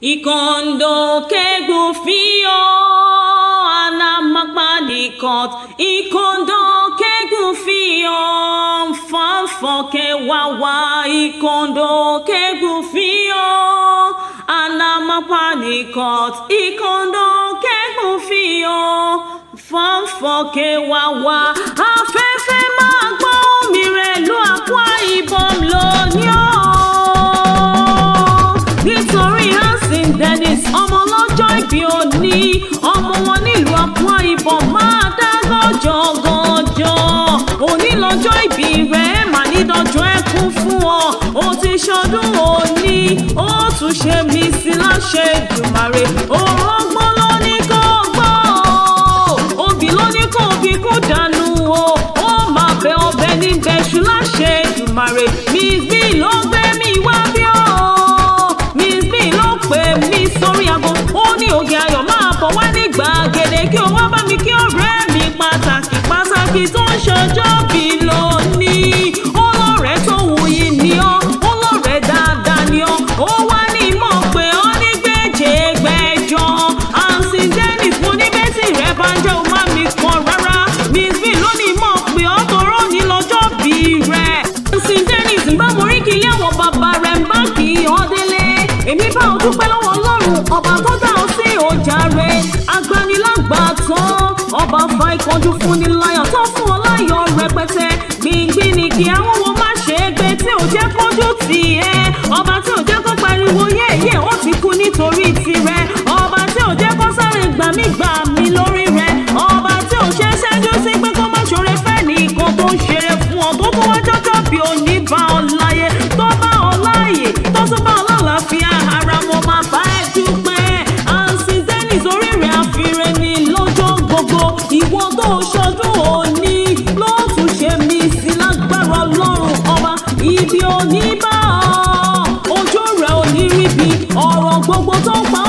Ikondo kegbu fio ana makpani kot Ikondo kegbu fio fanfo ke wawa Ikondo kegbu fio ana makpani kot Ikondo kegbu fio fanfo ke wawa Afe ṣe Èdùmàrè òun ọgbọ́n ló ní kó gbọ́ òbí ló ní kó bí kó dànù o ó máa bẹ ọbẹ̀ níbẹ̀ ṣù láṣẹ Èdùmàrè mi gbìn ló ìbá mo rí kí ilé àwọn bàbá rẹ̀ ń bá kì í hàn délé èmi bá o dúpẹ́ lọ́wọ́ ọlọ́run ọba tó dá o sí ọjà rẹ̀ agbanilágbà tán ọba fa ìkanjú fún ni láyọ̀ tó fún ọ láyọ̀ rẹpẹtẹ gbìngbìn ni kí àwọn wo má ṣe é gbé tí ò jẹ́ kánjú tì í ẹ ọba tí ò jẹ́ ṣọdún òní ló tún ṣe mí sí lágbára ọlọ́run ibi òní bá ọ ojú rẹ̀ ò ní ríbi ọ̀rọ̀ gbogbo tó pa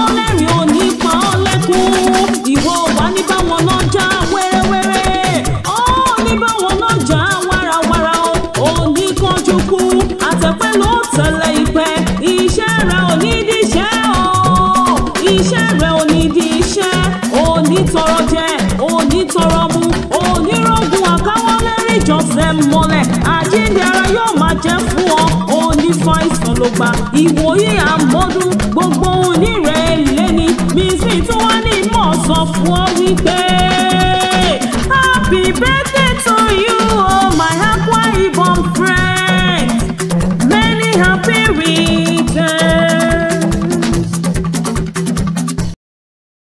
tọrọ mu onírògùn àkáwọlé ríjọsẹ̀ mọ́lẹ̀ àjíǹdẹ̀ra yóò máa jẹ́ fún ọ onífàìsàn ló gba ìwòye àmọ́dún gbogbo